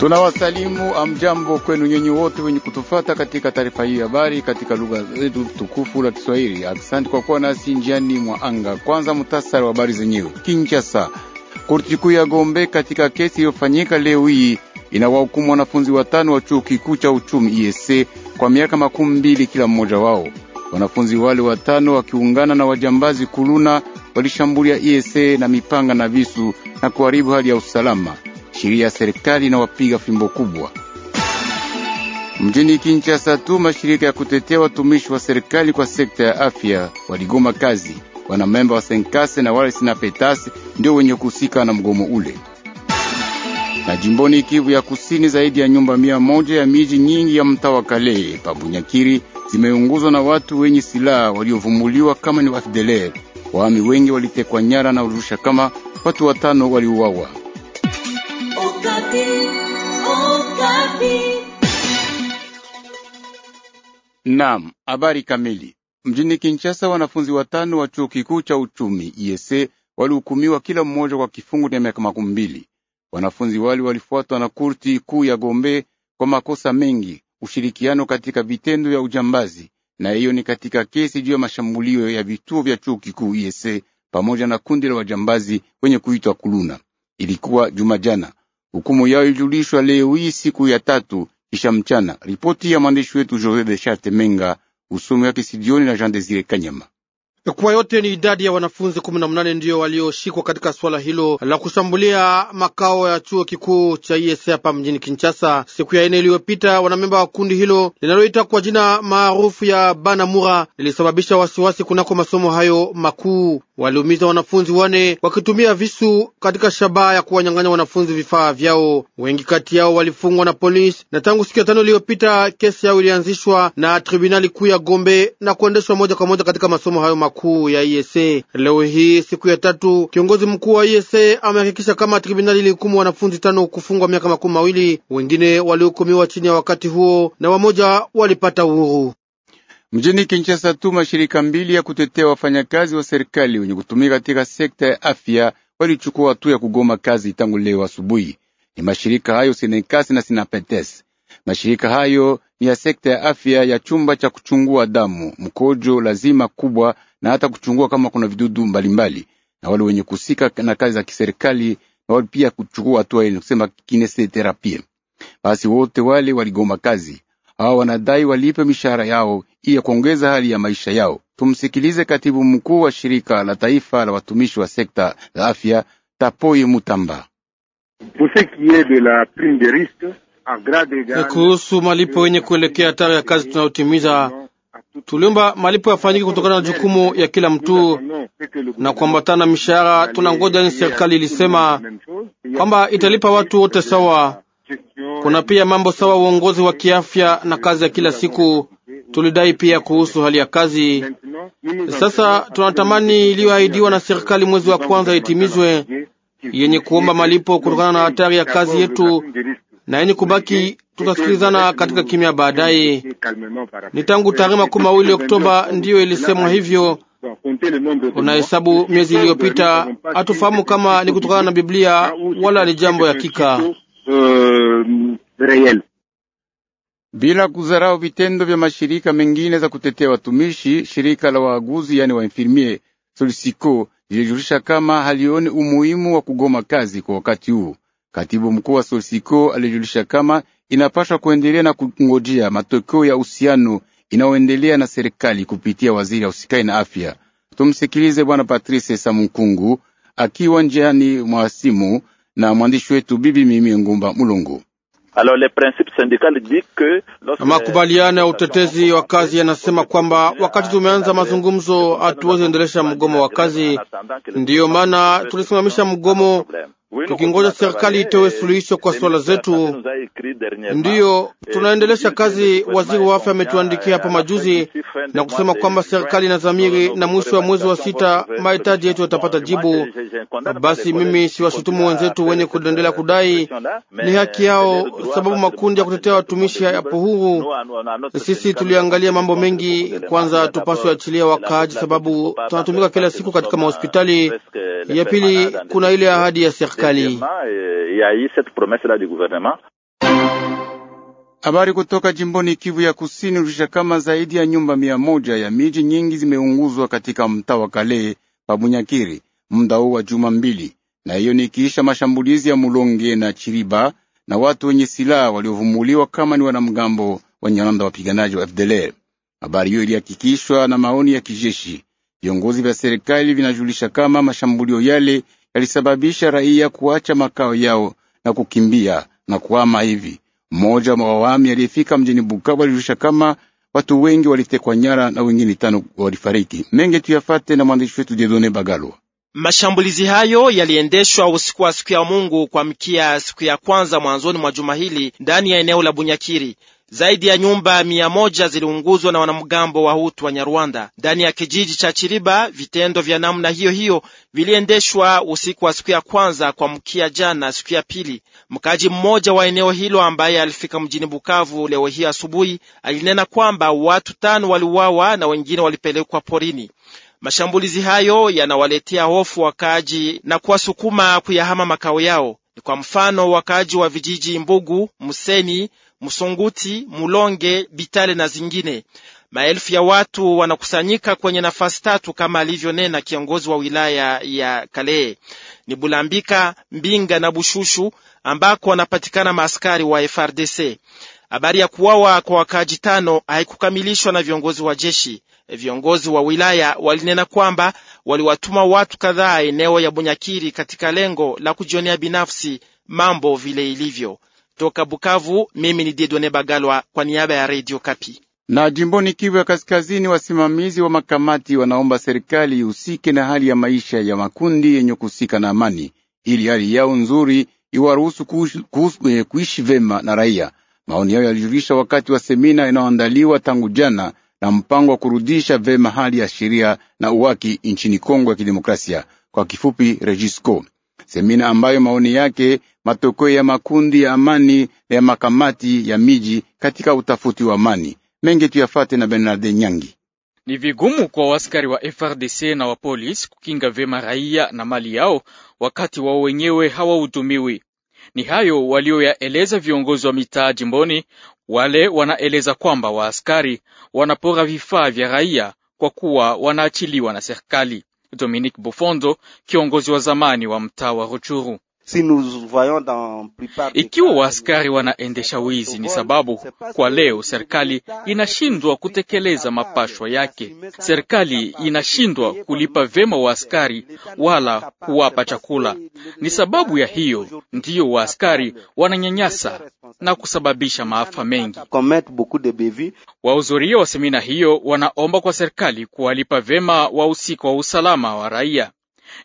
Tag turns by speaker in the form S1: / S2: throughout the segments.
S1: Tunawasalimu amjambo kwenu nyinyi wote wenye kutufata katika taarifa hii habari katika lugha zetu tukufu la Kiswahili. Asante kwa kuwa nasi njiani mwa anga. Kwanza mutasari wa habari zenyewe. Kinshasa, korti kuu ya Gombe katika kesi iliyofanyika leo hii inawahukumu wanafunzi watano wa chuo kikuu cha uchumi ISE kwa miaka makumi mbili kila mmoja wao. Wanafunzi wale watano wakiungana na wajambazi kuluna walishambulia ISE na mipanga na visu na kuharibu hali ya usalama sheria ya serikali na wapiga fimbo kubwa. Mjini Kinshasa tu mashirika ya kutetea watumishi wa serikali kwa sekta ya afya waligoma kazi. Wanamemba wa Senkase na wale sina ndio wenye kuhusika na mgomo ule. Na jimboni Kivu ya Kusini, zaidi ya nyumba mia moja ya miji nyingi ya mtaa wa Kale Pabunyakiri zimeunguzwa na watu wenye silaha waliovumuliwa kama ni wafideler. Waami wengi walitekwa nyara na urusha, kama watu watano waliuawa. Naam, habari kamili. Mjini Kinshasa, wanafunzi watano wa chuo kikuu cha uchumi IESE walihukumiwa kila mmoja kwa kifungo cha miaka makumi mbili. Wanafunzi wale walifuatwa na kurti kuu ya Gombe kwa makosa mengi, ushirikiano katika vitendo vya ujambazi, na hiyo ni katika kesi juu ya mashambulio ya vituo vya chuo kikuu IESE pamoja na kundi la wajambazi wenye kuitwa Kuluna. Ilikuwa juma jana. Hukumu yao ilijulishwa leo hii siku ya tatu kisha mchana. Ripoti ya mwandishi wetu Jose de Charte Menga, usomi wake Sidioni na Jean Desire Kanyama.
S2: Kwa yote ni idadi ya wanafunzi 18 ndiyo walioshikwa katika swala hilo la kushambulia makao ya chuo kikuu cha ISE hapa mjini Kinshasa siku ya ine iliyopita. Wanamemba wa kundi hilo linaloita kwa jina maarufu ya Banamura lilisababisha wasiwasi kunako masomo hayo makuu. Waliumiza wanafunzi wane wakitumia visu katika shabaha ya kuwanyang'anya wanafunzi vifaa vyao. Wengi kati yao walifungwa na polisi, na tangu siku ya tano iliyopita kesi yao ilianzishwa na tribunali kuu ya Gombe na kuendeshwa moja kwa moja katika masomo hayo makuu kuu ya ISA. Leo hii siku ya tatu, kiongozi mkuu wa ISA amehakikisha kama tribunali ilihukumu wanafunzi tano kufungwa miaka makumi mawili, wengine walihukumiwa chini ya wakati huo na wamoja walipata uhuru.
S1: Mjini Kinshasa tu mashirika mbili ya kutetea wafanyakazi wa serikali wenye kutumika katika sekta ya afya walichukua hatua ya kugoma kazi tangu leo asubuhi. Ni mashirika hayo Sinekasi na Sinapetes. Mashirika hayo ni ya sekta ya afya ya chumba cha kuchungua damu, mkojo lazima kubwa na hata kuchungua kama kuna vidudu mbalimbali, na wale wenye kusika na kazi za kiserikali na wale pia kuchukua hatua ile kusema kinesioterapia. Basi wote wale waligoma kazi, hao wanadai walipe mishahara yao ili ya kuongeza hali ya maisha yao. Tumsikilize katibu mkuu wa shirika la taifa la watumishi wa sekta la afya Tapoi Mutamba.
S2: Kuhusu malipo yenye kuelekea hatari ya kazi tunayotimiza Tuliomba malipo yafanyike kutokana na jukumu ya kila mtu na kuambatana mishahara. Tunangoja ni serikali ilisema kwamba italipa watu wote sawa. Kuna pia mambo sawa, uongozi wa kiafya na kazi ya kila siku. Tulidai pia kuhusu hali ya kazi. Sasa tunatamani iliyoahidiwa na serikali mwezi wa kwanza itimizwe, yenye kuomba malipo kutokana na hatari ya kazi yetu na yenye kubaki tutasikilizana katika kimya baadaye. Ni tangu tarehe makumi mawili Oktoba ndiyo ilisemwa hivyo. Unahesabu miezi iliyopita, hatufahamu kama
S1: ni kutokana na Biblia wala ni jambo ya kika bila kuzarau vitendo vya mashirika mengine za kutetea watumishi. Shirika la waaguzi yani wainfirmie Solisiko lilijulisha kama halioni umuhimu wa kugoma kazi kwa wakati huu. Katibu mkuu wa Solsiko alijulisha kama inapaswa kuendelea na kungojea matokeo ya uhusiano inayoendelea na serikali kupitia waziri ya usikai na afya. Tumsikilize Bwana Patrice Samukungu akiwa njiani mwa simu na mwandishi wetu Bibi Mimi Ngumba Mulungu.
S2: Makubaliano ya utetezi wa kazi yanasema kwamba wakati tumeanza mazungumzo hatuwezi endelesha mgomo wa kazi, ndiyo maana tulisimamisha mgomo tukingoja serikali itowe suluhisho kwa swala zetu. Ndiyo eh, tunaendelesha kazi. Waziri wa afya ametuandikia hapa eh, majuzi na kusema kwamba serikali na zamiri, na mwisho wa mwezi wa sita mahitaji yetu yatapata jibu. Basi mimi siwashutumu wenzetu wenye kuendelea kudai, ni haki yao, sababu makundi ya kutetea watumishi hayapo huru. Sisi tuliangalia mambo mengi. Kwanza tupaswe achilia wakaaji, sababu tunatumika kila siku katika mahospitali eh, ya pili kuna ile ahadi ya serikali.
S1: Habari kutoka jimboni Kivu ya Kusini rusha kama zaidi ya nyumba mia moja ya miji nyingi zimeunguzwa katika mtaa wa Kale pa Bunyakiri muda huu wa juma mbili, na hiyo ni kiisha mashambulizi ya Mulonge na Chiriba na watu wenye silaha waliovumuliwa kama ni wanamgambo wa Nyalanda wapiganaji wa FDLR. Habari hiyo ilihakikishwa na maoni ya kijeshi. Viongozi vya serikali vinajulisha kama mashambulio yale yalisababisha raia kuacha makao yao na kukimbia na kuhama hivi. Mmoja wa mawami aliyefika mjini Bukavu alijulisha kama watu wengi walitekwa nyara na wengine tano walifariki. menge tuyafate na mwandishi wetu Jedone Bagalwa.
S3: Mashambulizi hayo yaliendeshwa usiku wa siku ya Mungu kwa mkia siku ya kwanza mwanzoni mwa juma hili ndani ya eneo la Bunyakiri. Zaidi ya nyumba mia moja ziliunguzwa na wanamgambo wa Hutu wa Nyarwanda ndani ya kijiji cha Chiriba. Vitendo vya namna hiyo hiyo viliendeshwa usiku wa siku ya kwanza kwa mkia jana siku ya pili. Mkaji mmoja wa eneo hilo ambaye alifika mjini Bukavu leo hii asubuhi alinena kwamba watu tano waliuawa na wengine walipelekwa porini. Mashambulizi hayo yanawaletea hofu wakaaji na kuwasukuma kuyahama makao yao. Ni kwa mfano wakaaji wa vijiji Mbugu, Museni, Msunguti, Mulonge, Bitale na zingine. Maelfu ya watu wanakusanyika kwenye nafasi tatu kama alivyonena kiongozi wa wilaya ya Kalehe. Ni Bulambika, Mbinga na Bushushu ambako wanapatikana maaskari wa FRDC. Habari ya kuwawa kwa wakaaji tano haikukamilishwa na viongozi wa jeshi. Viongozi wa wilaya walinena kwamba waliwatuma watu kadhaa eneo ya Bunyakiri katika lengo la kujionea binafsi mambo vile ilivyo. Toka Bukavu, mimi ni Didone Bagalwa kwa niaba ya Radio Kapi.
S1: Na jimboni Kivu ya Kaskazini, wasimamizi wa makamati wanaomba serikali ihusike na hali ya maisha ya makundi yenye kuhusika na amani, ili hali yao nzuri iwaruhusu kuishi eh, vema na raia. Maoni yao yalijulisha wakati wa semina inayoandaliwa tangu jana na mpango wa kurudisha vema hali ya sheria na uwaki nchini Kongo ya Kidemokrasia, kwa kifupi REGISCO semina ambayo maoni yake matokeo ya makundi ya amani na ya makamati ya miji katika utafuti wa amani mengi tuyafate na Bernard Nyangi.
S4: Ni vigumu kwa waskari wa FRDC na wa polisi kukinga vyema raia na mali yao wakati wao wenyewe hawautumiwi. Ni hayo walioyaeleza viongozi wa mitaa jimboni. Wale wanaeleza kwamba waaskari wanapora vifaa vya raia kwa kuwa wanaachiliwa na serikali. Dominic Bufondo, kiongozi wa zamani wa mtaa wa Ruchuru. Ikiwa waaskari wanaendesha wizi, ni sababu kwa leo serikali inashindwa kutekeleza mapashwa yake. Serikali inashindwa kulipa vyema waaskari wala kuwapa chakula. Ni sababu ya hiyo ndiyo waaskari wananyanyasa na kusababisha maafa mengi. Wahudhuria wa semina hiyo wanaomba kwa serikali kuwalipa vyema wahusika wa usalama wa raia.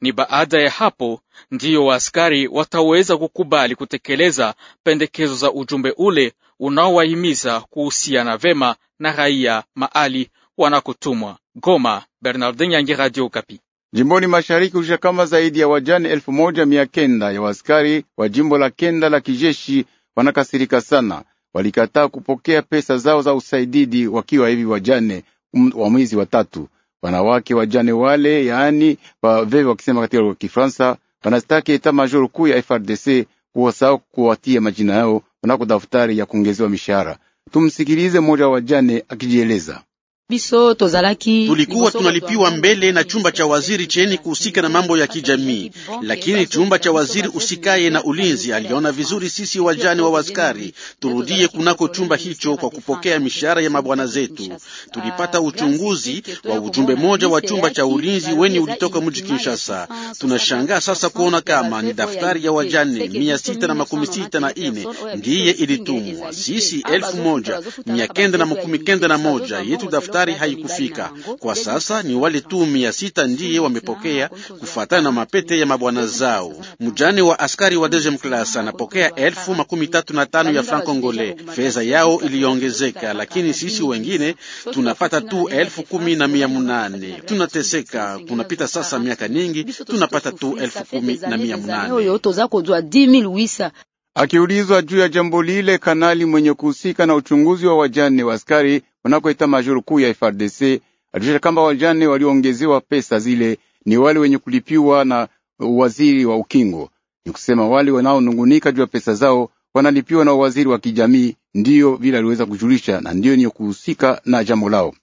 S4: Ni baada ya hapo ndiyo waaskari wataweza kukubali kutekeleza pendekezo za ujumbe ule unaowahimiza kuhusiana vyema na raia maali wanakotumwa. Goma, Bernardin Yangi, Radio Kapi.
S1: Jimboni mashariki husha kama zaidi ya wajane elfu moja mia kenda ya waaskari wa jimbo la kenda la kijeshi wanakasirika sana, walikataa kupokea pesa zao za usaididi wakiwa hivi wajane um, wa mwezi wa tatu. Wanawake wajane wale, yaani wavevi, wakisema katika lugha ya Kifaransa, wanastaki eta majoro kuu ya FRDC kuwasahau kuwatia majina yao wanako daftari ya kuongezewa mishahara. Tumsikilize mmoja wa wajane akijieleza
S3: biso tozalaki tulikuwa tunalipiwa
S5: mbele na chumba cha waziri cheni kuhusika na mambo ya kijamii, lakini chumba cha waziri usikaye na ulinzi aliona vizuri sisi wajane wa waskari turudie kunako chumba hicho kwa kupokea mishahara ya mabwana zetu. Tulipata uchunguzi wa ujumbe moja wa chumba cha ulinzi weni ulitoka mji Kinshasa. Tunashangaa sasa kuona kama ni daftari ya wajane mia sita na makumi sita na ine ndiye ilitumwa, sisi elfu moja mia kenda na makumi kenda na moja yetu daftari hatari haikufika. Kwa sasa ni wale tu mia sita ndiye wamepokea kufuatana na mapete ya mabwana zao. Mjane wa askari wa dejem klas anapokea elfu makumi tatu na tano ya franc congolais. Fedha yao iliongezeka, lakini sisi wengine tunapata tu elfu kumi na mia munane. Tunateseka, kunapita sasa miaka nyingi, tunapata tu elfu kumi na mia
S3: munane.
S1: Akiulizwa juu ya jambo lile, kanali mwenye kuhusika na uchunguzi wa wajane wa askari wanakoita majuru kuu ya FRDC alijulisha kamba wajane walioongezewa pesa zile ni wale wenye kulipiwa na waziri wa ukingo, ni kusema wale wanaonungunika juu ya pesa zao wanalipiwa na waziri wa kijamii. Ndiyo vile aliweza kujulisha, na ndiyo ni kuhusika na jambo lao.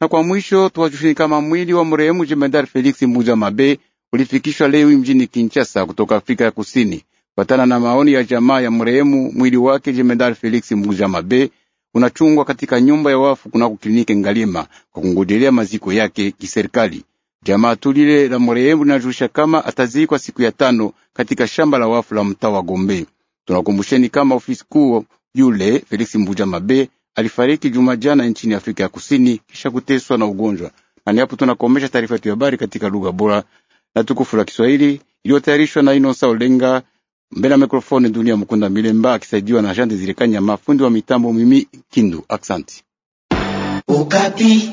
S1: Na kwa mwisho tuwajushini kama mwili wa mrehemu jemedari Felix Mbuja Mabe ulifikishwa leo mjini Kinshasa kutoka Afrika ya Kusini. Kufatana na maoni ya jamaa ya mrehemu, mwili wake jemedari Felix Mbuja Mabe unachungwa katika nyumba ya wafu kunako klinike Ngalima kwa kungojelea maziko yake kiserikali. Jamaa tulile la marehemu linajulisha kama atazikwa siku ya tano katika shamba la wafu la mtaa wa Gombe. Tunakumbusheni kama ofisi kuu yule Felix Mbuja Mabe alifariki juma jana nchini Afrika ya Kusini kisha kuteswa na ugonjwa. Na ni hapo tunakomesha taarifa yetu ya habari katika lugha bora na tukufu la Kiswahili iliyotayarishwa na Inosa Olenga. Mbele ya mikrofoni Dunia Mukunda Milemba akisaidiwa na Jean Desire Kanyama, fundi wa mitambo Mimi Kindu. Aksanti
S4: Ukati.